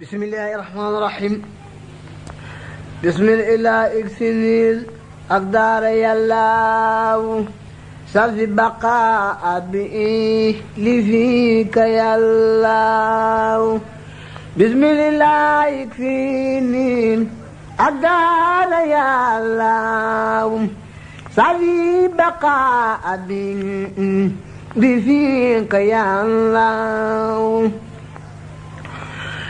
بسم الله الرحمن الرحيم بسم الله اكسنيل أقدار يلاو سلف بقاء بإيه لفيك يلاو بسم الله اكسنيل أقدار يلاو سلف بقاء بإيه لفيك يلاو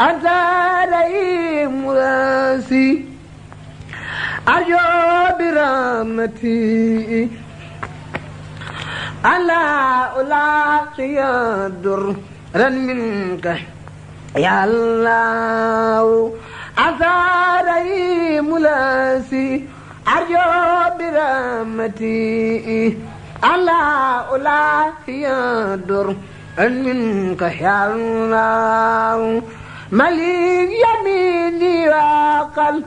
أزاري مراسي أرجو برامتي ألا ألاقي درا منك يا الله أزاري ملاسي أرجو برامتي ألا ألاقي درا منك يا الله مليك يميني وقل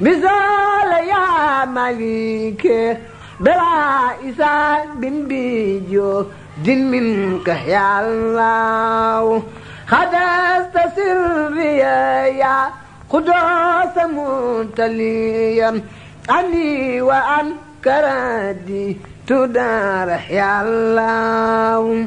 بزال يا مليك بلا إسان بن بيجو دين منك يا الله خدست سري يا قدوس متليا أني وأن كردي تدار يا الله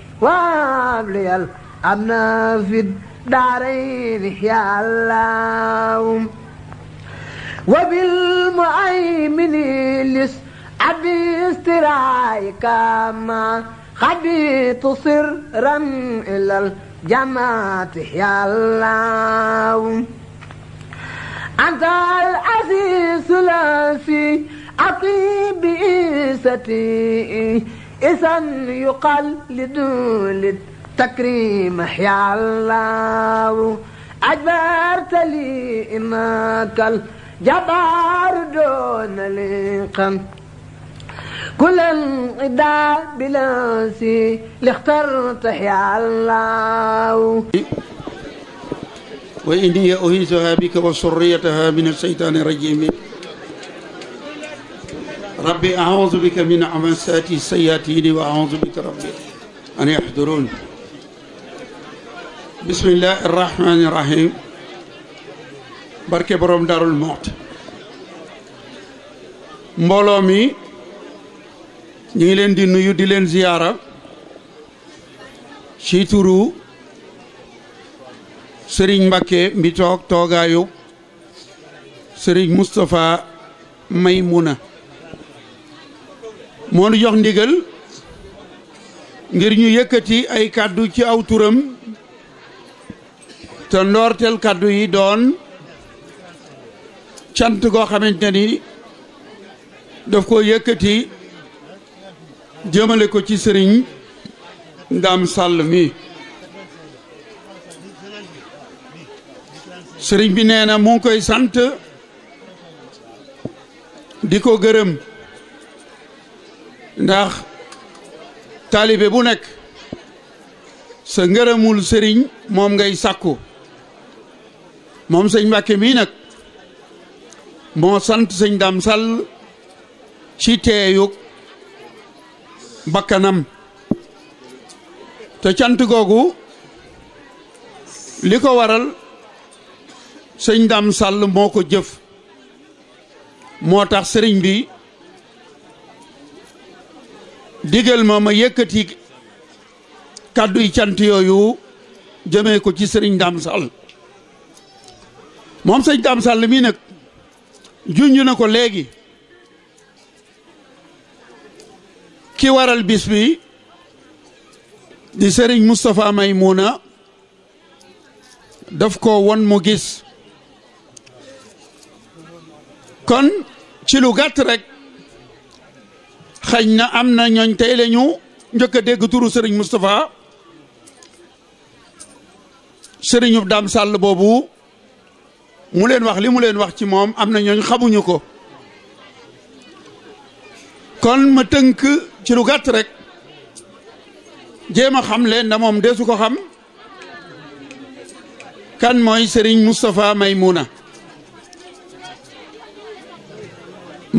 وابليال أمنا في الدارين يا الله وبالمؤمن لس أبي استرايك ما خبيت سرا إلى الجماعة يا الله أنت العزيز لا في أطيب إيستي إذا يقال لدول التكريم يا الله أجبرت لي إنك الجبار دون لقم كل الإداء بلاسي اللي اخترت يا الله وإني أهيثها بك وسريتها من الشيطان الرجيم rabbi a'uuzu bika min hamazaati sayaatiin wa a'uuzu bika rabbi an yahduruun bismillaahi rahmaani rahiim barke boroom Daarul Muxti mbooloo mi ñu ngi leen di nuyu di leen ziyaara ci Sëriñ Mbàkke mi toog toogaayu Sëriñ Moustapha Maymuna moo nu jox ndigal ngir ñu yëkkati ay kàddu ci aw turam te ndoorteel kàddu yi doon cant goo xamante ni daf ko yëkkati jëmale ko ci sëriñ Dame sàll mi sëriñ bi nee na mu koy sant di ko gërëm ndax taalibe bu nekk sa ngërëmul sëriñ moom ngay sàkku moom sëñ Mbàkke mii nag moo sant sëñ Dame Sall ci teeyug bakkanam te cant googu li ko waral sëñ Dame Sall moo ko jëf moo tax sëriñ bi digal ma ma yëkkati kàdduy cant yooyu jëmee ko ci sëriñ Dame Sall moom sëñ Dame Sall mii nag junj na ko léegi ki waral bis bi di sëriñ Moustapha Maymouna daf ko won mu gis kon ci lu gàtt rek xañ na am na ñooñ tey la njëkk a dégg turu sëriñ Moustapha sëriñu Dame Sall boobu mu leen wax li mu leen wax ci moom am na ñooñ xamuñu ko kon ma tënk ci lu gàtt rek jéem a xam leen na moom deesu ko xam kan mooy Serigne Moustapha Maymuna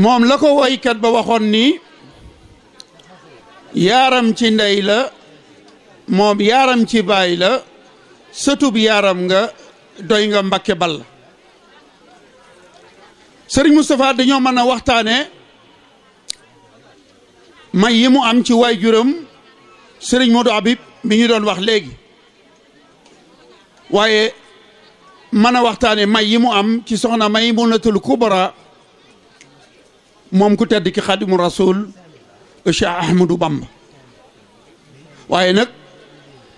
moom la ko woykat ba waxoon ni yaaram ci ndey la moom yaaram ci baay la sëtub yaaram nga doy nga mbakke Bal la sëriñ Moustapha dañoo mën a waxtaane may yi mu am ci waay juram sëriñ Modou Habib mi ñu doon wax léegi waaye mën a waxtaane may yi mu am ci soxna Maymunatul Kubra moom ku tedd ki Xaadimu Rasuul Cheikh Ahmadou Bamba waaye nag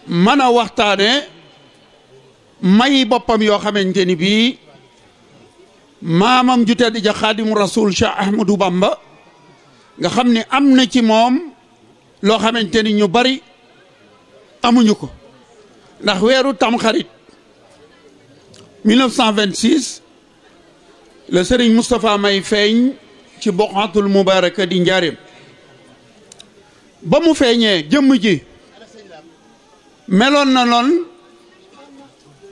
mën a waxtaane may boppam yoo xamante ni bii maamam ju tedd ja xaadimu rasul Cheikh Ahmadou Bamba nga xam ne am na ci moom loo xamante ni ñu bari amuñu ko ndax weeru tamxarit 1926 la sëriñ Moustapha May feeñ ci boqatul mubaraka di njaareem ba mu feeñee jëmm ji meloon na noon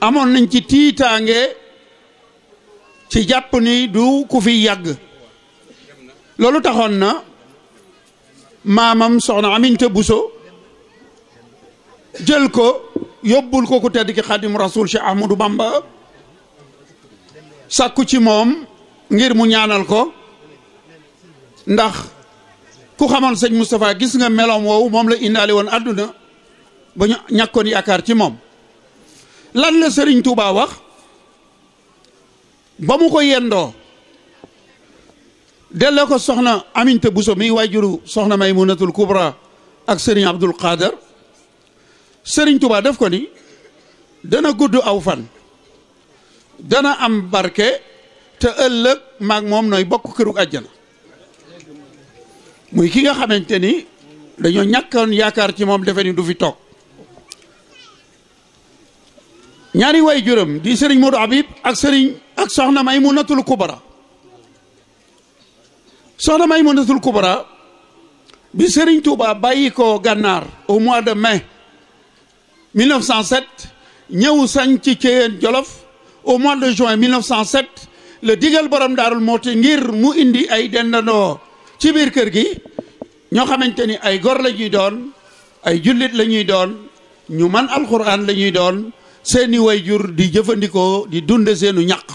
amoon nañ ci tiitaange ci jàpp ni du ku fi yàgg loolu taxoon na maamam soxna Aminta Buso jël ko yóbbul ko ku tedd ki xadim rasul Cheikh Ahmadou Bamba sàkku ci moom ngir mu ñaanal ko ndax ku xamoon sëñ Moustapha gis nga meloom woowu moom la indaale woon àdduna ba ñu ñàkkoon yaakaar ci moom lan la sëriñ Touba wax ba mu ko yendoo delloo ko soxna Aminta Bousso mi waajuru soxna Maymunatul Kubra ak sëriñ Abdul Qaadar sëriñ Touba def ko ni dana gudd aw fan dana am barke te ëllëg maag moom nooy bokk këru àjjana muy ki nga xamante ni dañoo ñàkkoon yaakaar ci moom defe ni du fi toog ñaari way juram di sëriñ Modou Habib ak sëriñ ak soxna may mu Maymunatul Kubra soxna Maymunatul Kubra bi sëriñ Touba bàyyi ko gànnaar au mois de mai 1907 ñëw sañ ci Ceyeen Jolof au mois de juin 1907 la digal borom daarul mooti ngir mu indi ay dendandoo ci biir kër gi ñoo xamante ni ay gor la ñuy doon ay jullit la ñuy doon ñu man alxuraan la ñuy doon seeni wayjur di jëfandikoo di dunde seenu ñaq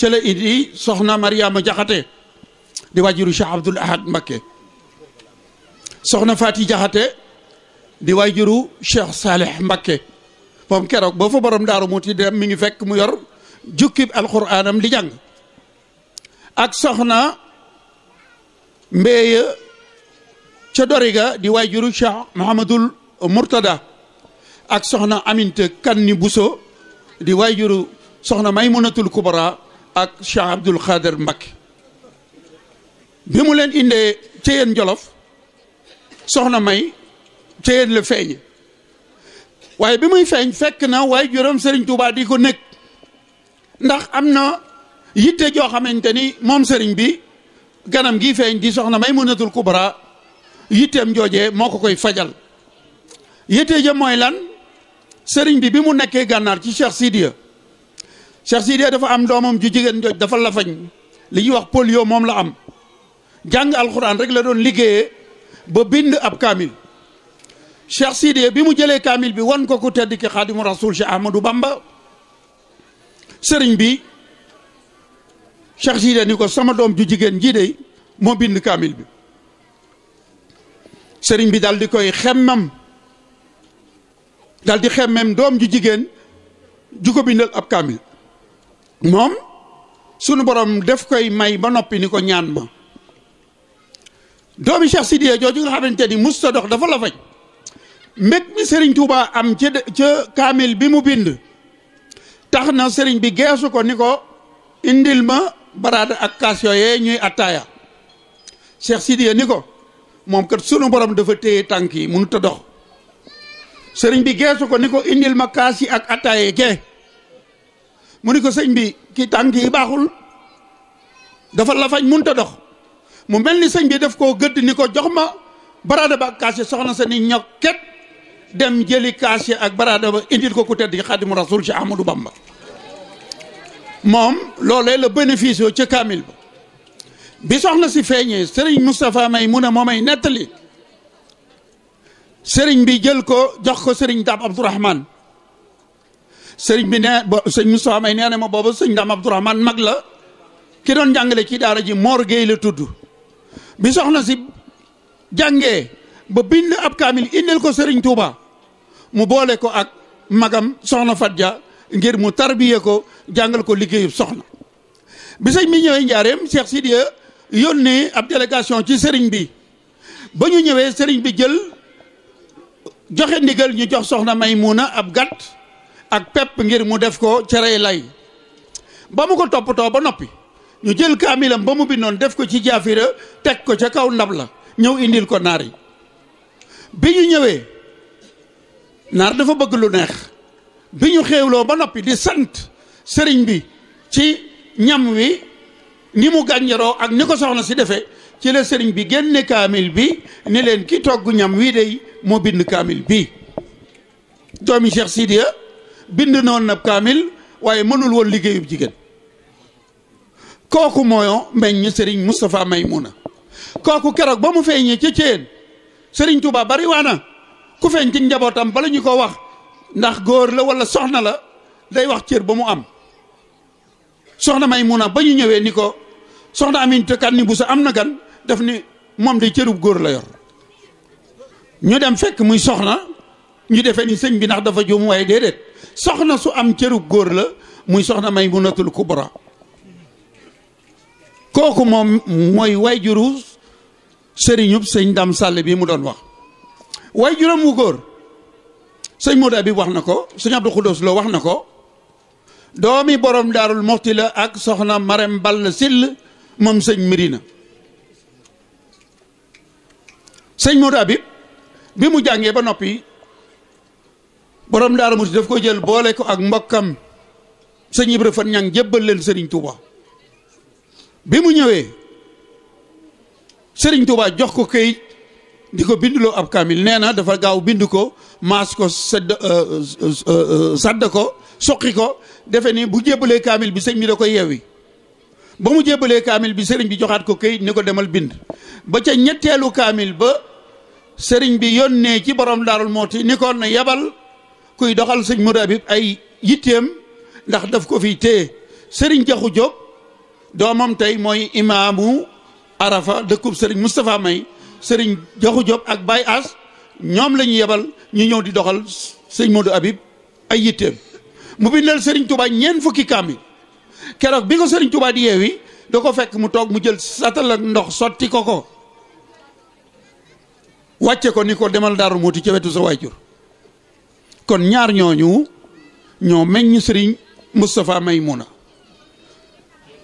ca la indi soxna Mariama Jaxate di wajuru Cheikh Abdoul Ahad Mbakke soxna Faati Jaxate di wajuru Cheikh Saleh Mbakke moom keroog boo fa borom daaru mu ti dem mi ngi fekk mu yor jukkib alxuraanam di jàng ak soxna mbeeya ca doriga di waajuru Cheikh Mouhamadul Mourtada ak soxna Aminte Kanni Bousso di waajuru soxna may Maymunatul Kubra ak Cheikh Abdoul Khader Mbacké bi mu leen indee ca yéen Jolof soxna May ca yéen la feeñ waaye bi muy feeñ fekk na waajuram Serigne Touba di ko nekk ndax am na yitte joo xamante ni moom sëriñ bi. ganam gi feeñ di soxna may Maymunatul Kubra yitteem joojee moo ko koy fajal yitte ja mooy lan sëriñ bi bi mu nekkee gànnaar ci Cheikh Sidiya Cheikh Sidiya dafa am doomam ju jigéen njooj dafa la fañ li ñuy wax polio moom la am jàng alxuraan rek la doon liggéeye ba bind ab kaamil Cheikh Sidiya bi mu jëlee kaamil bi wan ko ku tedd ki xaadimu rasul Cheikh Ahmadou Bamba sëriñ bi Cheikh Sida ni ko sama doom ju jigéen jii de moo bind kaamil bi sëriñ bi dal di koy xemmam daldi di doom ju jigéen ju ko bindal ab kaamil moom sunu borom def koy may ba noppi ni ko ñaan ma doomi Cheikh Sidiya jooju nga xamante ni musta dox dafa la faj mbég mi Serigne Touba am ca kaamil bi mu bind tax na sëriñ bi geesu ko ni ko indil ma baraada ak kaas yooyee ñuy attaaya Cheikh Sidiya ni ko moom kat sunu borom dafa téye tànk yi mënut a dox sëriñ bi geesu ko ni ko indil ma kaas yi ak attaaya kee mu ni ko sëñ bi kii tànk yi baaxul dafa lafañ mënut a dox mu mel ni sëñ bi def koo gëdd ni ko jox ma baraada ba ak kaas yi soxna sa ni ñokket dem jëli kaas yi ak baraada ba indil ko ku di xaadimu rasuul ci Ahmadu Bamba moom loole la bénéfice yoo ca kaamil ba bi soxna si feeñee sëriñ Moustapha may mu ne moomay nettali sëriñ bi jël ko jox ko sëriñ Dame Abdourahman sëriñ bi nee bo sëñ Moustapha may na ma booba sëñ Dame Abdourahman mag la ki doon jàngale ci daara ji Mor Gueye la tudd bi soxna si jàngee ba bind ab kaamil indil ko sëriñ Touba mu boole ko ak magam soxna Fadja. ngir mu tarbiye ko jàngal ko liggéeyub soxna bi sëñ bi ñëwee njaareem Cheikh Sidiya yónnee ab délégation ci sëriñ bi ba ñu ñëwee sëriñ bi jël joxe ndigal ñu jox soxna Maymuna ab gàtt ak pepp ngir mu def ko cere lay ba mu ko toppatoo ba noppi ñu jël kaamilam ba mu bindoon def ko ci jaafira teg ko ca kaw ndab la ñëw indil ko naar yi bi ñu ñëwee naar dafa bëgg lu neex bi ñu xéewloo ba noppi di sant sëriñ bi ci ñam wi ni mu gànjaroo ak ni ko soxna si defee ci la sëriñ bi génne kaamil bi ni leen ki togg ñam wi day moo bind kaamil bi doomi Cheikh Sidiya bind noon na kaamil waaye mënul woon liggéeyub jigéen kooku mooyoo meññ sëriñ Moustapha Maymuna kooku keroog ba mu feeñee ca ceen sëriñ Touba bari waana ku feeñ ci njabootam ba lañu ko wax ndax góor la walla soxna la day wax cër ba mu am soxna may Maymuna ba ñu ñëwee ni ko soxna Aminata ni bu sa am na gan daf ne moom day cërub góor la yor ñu dem fekk muy soxna ñu defee ni sëñ bi ndax dafa juum waaye déedéet soxna su am cërub góor la muy soxna may Maymunatul Kubra kooku moom mooy way juru sëriñub sëñ Dam Sall bi mu doon wax way juram wu góor sëñ Modou Habib wax na ko sëñ Abdou Khoudous Lo wax na ko doomi borom daarul moxti la ak soxna Marème Ball Sill moom sëñ Mirina sëñ Modou Habib bi mu jàngee ba noppi borom daaru moxti daf ko jël boole ko ak mbokkam sëñ Ibra Fan ñang jébbal leen Serigne Touba bi mu ñëwee sëriñ Touba jox ko këyit di ko bindloo ab kaamil nee na dafa gaaw bind ko maas ko sedd euh, euh, euh, sadd ko soqi ko defe ni bu jébbalee kaamil bi sëñ bi da koy yewwi ba mu jébbalee kaamil bi sëriñ bi joxaat ko këyit ni ko demal bind ba ca ñetteelu kaamil ba sëriñ bi yónnee ci borom daarul mooti ni ko na yebal kuy doxal sëñ Modou Habib ay yitteem ndax daf ko fi téye sëriñ Jaxu Jóob doomam tey mooy imaamu Arafa dëkkub sëriñ Moustapha May sëriñ Jaxu Jóob ak baay As ñoom lañu yebal ñu ñëw di doxal sëñ Modou Habib ay yitteem mu bindal sëriñ Touba ñeent fukki kaamil keroog bi ko sëriñ Touba di yeewi da ko fekk mu toog mu jël satal ak ndox sotti ko ko wàcce ko ni ko demal Daaru Muti ca wetu sa waajur kon ñaar ñooñu ñoo meññ sëriñ Moustapha Maymuna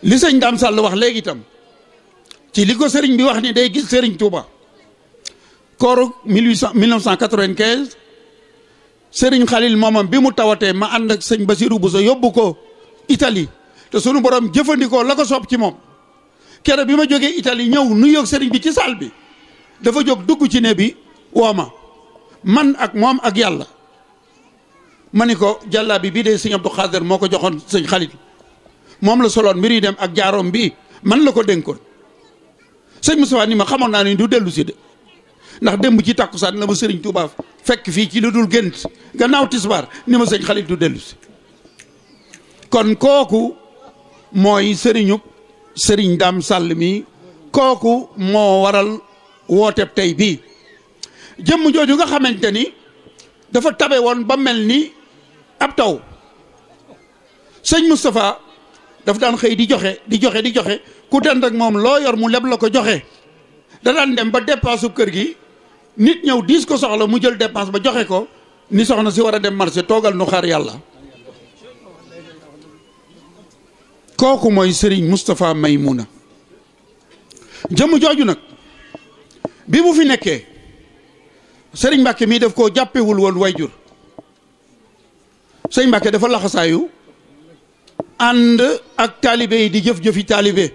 li sëñ Dame Sall wax léegi itam ci li ko sëriñ bi wax ni day gis sëriñ Touba. kooru 1800 1995 Serigne Khalil moomam bi mu tawatee ma ànd ak sëñ ba si Basirou sa yóbbu ko itali te sunu borom jëfandikoo la ko soob ci moom kere bi ma jógee Italie ñëw nu yoog sëriñ bi ci saal bi dafa jóg dugg ci ne bi woo ma man ak moom ak yàlla ma ni ko jàllaa bi bii de sëñ Abdou moo ko joxoon sëñ moom la soloon mbir yi dem ak jaaroom bi man la ko dénkoon sëñ Moussa ni ma xamoon naa ni du dellu si de. ndax démb ci tàkkusaan la ma sëriñ Touba fekk fii ci lu dul gént gannaaw tisbaar ni ma sëñ xalit du dellu si kon kooku mooy sëriñub sëriñ Dame sàll mi kooku moo waral wooteb tey bii jëmm jooju nga xamante ni dafa tabe woon ba mel ni ab taw sëñ Moustapha daf daan xëy di joxe di joxe di joxe ku dend ak moom loo yor mu leb la ko joxe da daan dem ba dépassu kër gi nit ñëw diis ko soxla mu jël dépense ba joxe ko ni soxna si war a dem marché toogal nu xaar yàlla kooku mooy mustafaa may muna jëmm jooju nag bi mu fi nekkee sëriñ Mbàkke mii def koo jàppewul woon wayjur Serigne Mbàkke dafa laxasaayu ànd ak taalibe yi di jëf-jëfi taalibe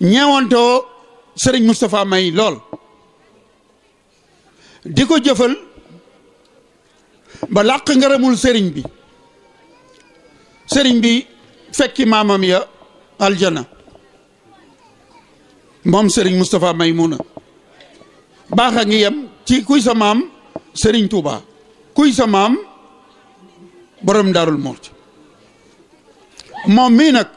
ñeewantoo sëriñ Moustapha May lool di ko jëfal ba làq ngërëmul sëriñ bi sëriñ bi fekki maamam ya aljana moom sëriñ Moustapha Maymuna baax a ngi yem ci kuy sa maam sëriñ tuuba kuy sa maam borom daarul Muxti moom mii nag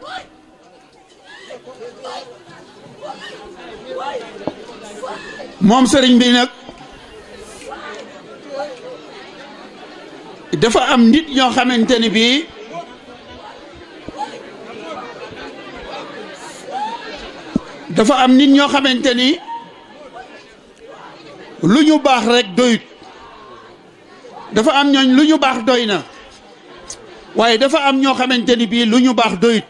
moom sëriñ bi nag dafa am nit ñoo xamante ni bii dafa am nit ñoo xamante ni lu ñu baax rek doyut dafa am ñooñ lu ñu baax doy na waaye dafa am ñoo xamante ni bii lu ñu baax doyut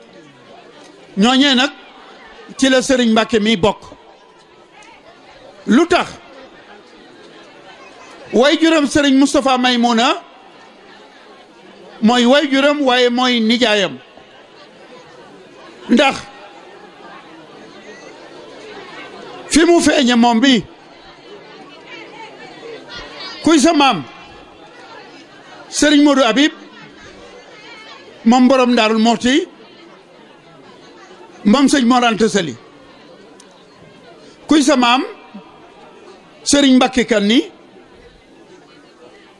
ñooñee nag ci la sëriñ Mbàkke mi bokk lu tax way juróom sëriñ Moustapha Maymuna mooy waajuram waaye mooy nijaayam ndax fi mu feeñe moom bi kuy sa maam Serigne Modou Habib moom borom Daarul Moxti moom sëñ Mor Anta Sali kuy sa maam Serigne Mbakke Kanni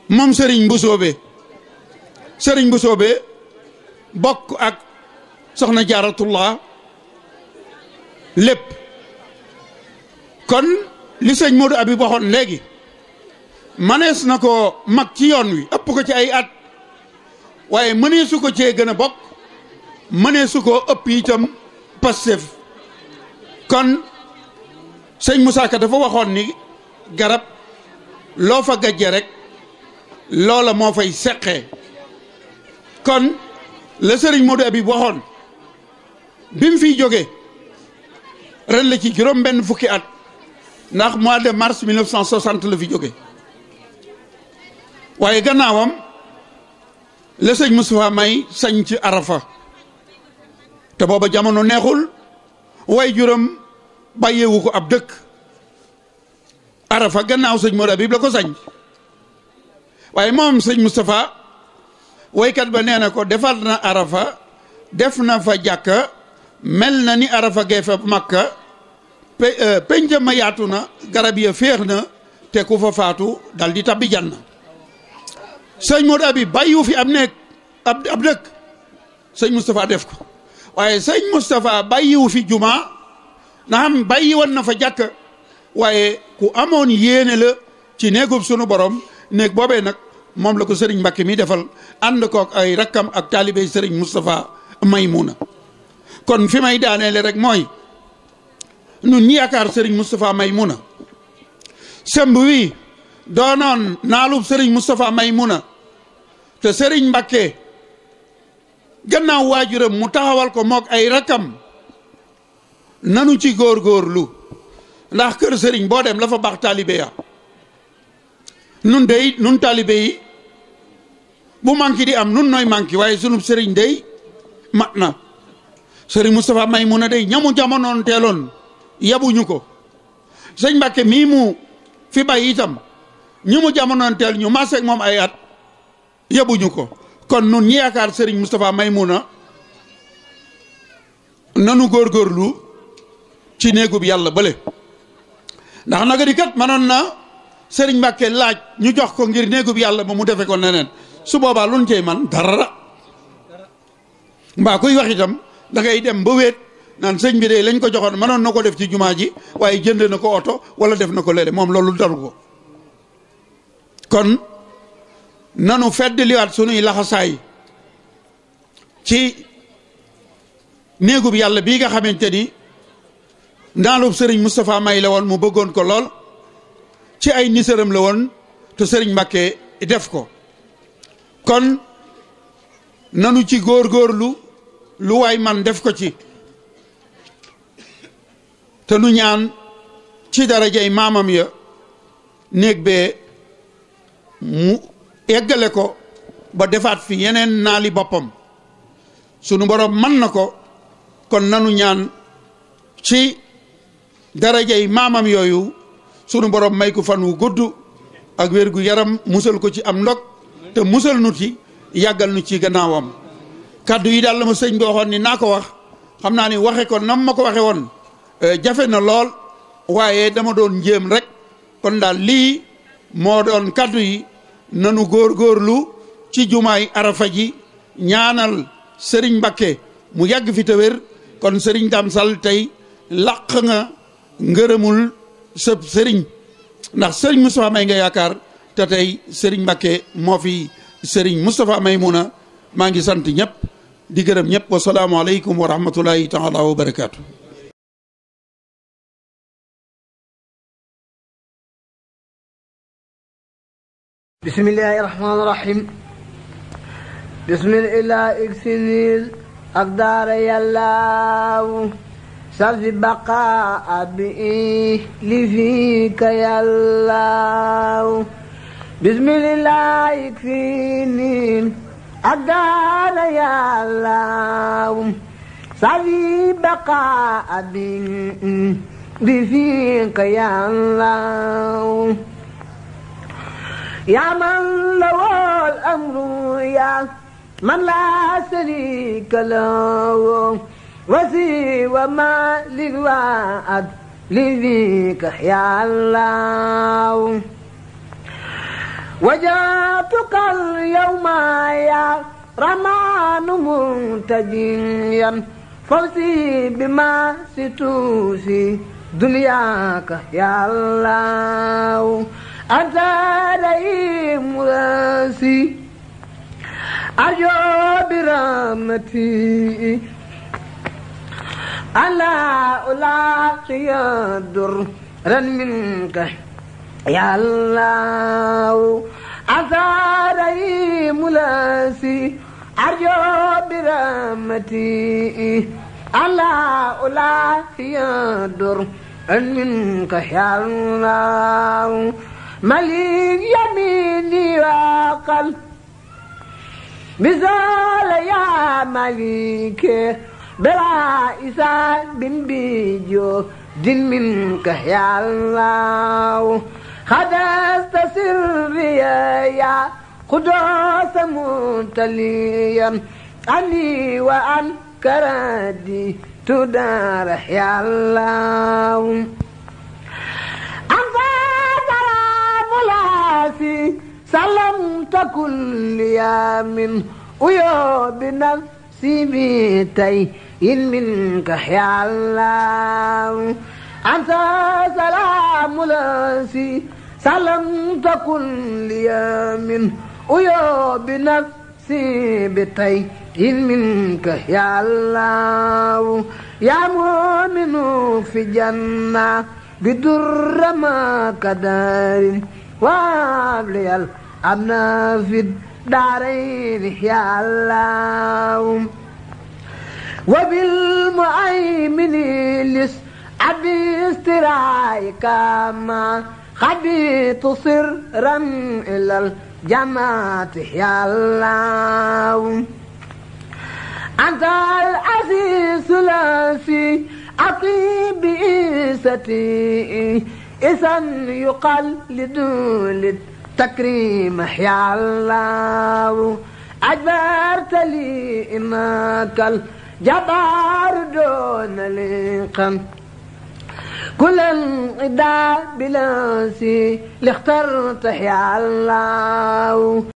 moom Serigne Mbusoobe sëriñ bu soobee bokk ak soxna jaaratullah lépp kon li sëñ Modou Habib waxoon léegi manees na ko mag ci yoon wi ëpp ko ci ay at waaye mëneesu ko cee gën a bokk mëneesu ko ëpp itam Pastef kon sëñ Moussa Ka dafa waxoon ni garab loo fa gajje rek loola moo fay seqee kon la sëriñ Modou Habib waxoon bi mu fiy jógee ren la ci juróom benn fukki at ndax mois de mars 1960 la fi jóge waaye gannaawam la sëñ Moustapha May sañ ci Arafa te booba jamono neexul way juróom bàyyeewu ko ab dëkk Arafa gannaaw sëñ Modou Habib la ko sañ waaye moom sëñ Moustapha woykat ba nee na ko defar na arafa def na fa jàkka mel na ni arafa gee fa makka euh, pénja ma yaatu na garab ya féex na te ku fa faatu dal di tabbi janna sëñ Modou bi bàyyiwu fi ab nekk ab ab dëkk sëñ Moustapha def ko waaye sëñ Moustapha bàyyiwu fi juma na xam bàyyi woon na fa jàkka waaye ku amoon yéene la ci néegub sunu borom néeg boobee nag moom la ko sëriñ Mbacke mi defal ànd kook ay rakkam ak taalibe sëriñ Moustapha Maymuna kon fi may daaneele rek mooy nun ñi yaakaar sëriñ Moustapha Maymuna sëmb wi doonoon naalub sëriñ Moustapha Maymuna te sëriñ Mbacke gannaaw waajuram mu taxawal ko mook ay rakkam nanu ci góorgóorlu ndax kër sëriñ boo dem la fa baax taalibe ya nun dey nun taalibe yi bu manqué di am nun nooy manqué waaye sunub sëriñ day mat na sëriñ Moustapha may mun a day ñamu jamonoon teeloon yabuñu ko sëñ Mbàkke mii mu fi bay itam ñi mu jamonoon teel ñu maseeg moom ay at yabuñu ko kon nun ñi yaakaar sëriñ Moustapha may mun a nanu góorgóorlu ci néegub yàlla bële ndax naga di kat mënoon na sëriñ Mbàkke laaj ñu jox ko ngir néegub yàlla ba mu defe ko neneen su boobaa lu ñu man dara mbaa kuy wax itam da dem ba wéet naan sëñ bi de lañ ko joxoon mënoon na ko def ci jumaa ji waaye jënd na ko oto wala def na ko léeg moom loolu daru ko kon nanu fedd liwaat sunuy laxasaay ci néegub yàlla bii nga xamante ni ndaalub sëriñ Moustapha May la woon mu bëggoon ko lool ci ay niseram la woon te sëriñ Mbàkke def ko kon nanu ci góor góorlu lu waay man def ko ci te nu ñaan ci darajay maamam ya néeg bee mu eggale ko ba defaat fi yeneen naali boppam sunu boroom man na ko kon nanu ñaan ci darajay maamam yooyu sunu boroom may ko fanwu gudd ak wér gu yaram musal ko ci am ndog te musal nu ci yàggal nu ci gannaawam kàddu yi daal la ma sëñ bi ni naa ko wax xam naa ni waxe ko nam ma ko waxe woon euh, jafe na lool waaye dama doon njéem rek kon daal lii moo doon kàddu yi nanu góor góorlu ci jumaay arafa ji ñaanal sëriñ Mbakke mu yàgg fi te kon sëriñ Dame Sall tey làq nga ngërëmul sëb sëriñ ndax sëriñ Moustapha may nga yaakaar te tey Serigne Mbacké moo fi Serigne Moustapha Maymouna maa ngi sant ñëpp di gërëm ñëpp wa salaamu aleykum wa rahmatullahi taala bismillaahi fiinin agaana yàllaawum safi baqa abin bi fiinka yàllaawum yaa man lawool amru yaa man laa sariika lawo wasi wa ma lil waad li fiika yàllaawum وجاتك اليوم يا رمان منتجيا فوزي بما ستوسي دنياك يا الله أنت لي مراسي أرجو برحمتي ألا ألاقي الدر منك يا الله أثاري ملاسي أرجو برحمتي ألا أولا يدر أن منك يا الله مليك يميني وقل مثال يا مليك بلا إسان بن بيجو دين منك يا الله خدست سريا يا قدوس منتليا عني وعن كرادي تدار يا الله أنت سلام لاسي سلمت كل يوم ويا بنفسي بيتي إن منك يا الله أنت سلام لاسي سلم تكن لي من أيا بنفسي بتي إن منك يا الله يا مؤمن في جنة بدر ما كدار وابلي الأمن في الدارين يا الله وبالمؤمن لس أبي استرايك ما خبيت سرا إلى الجماعة يا الله أنت العزيز لاسي أطيب إيستي إذا يقلد للتكريم يا الله أجبرت لي إنك الجبار دون لقم كل انقضاء بلاسي لاخترت يا الله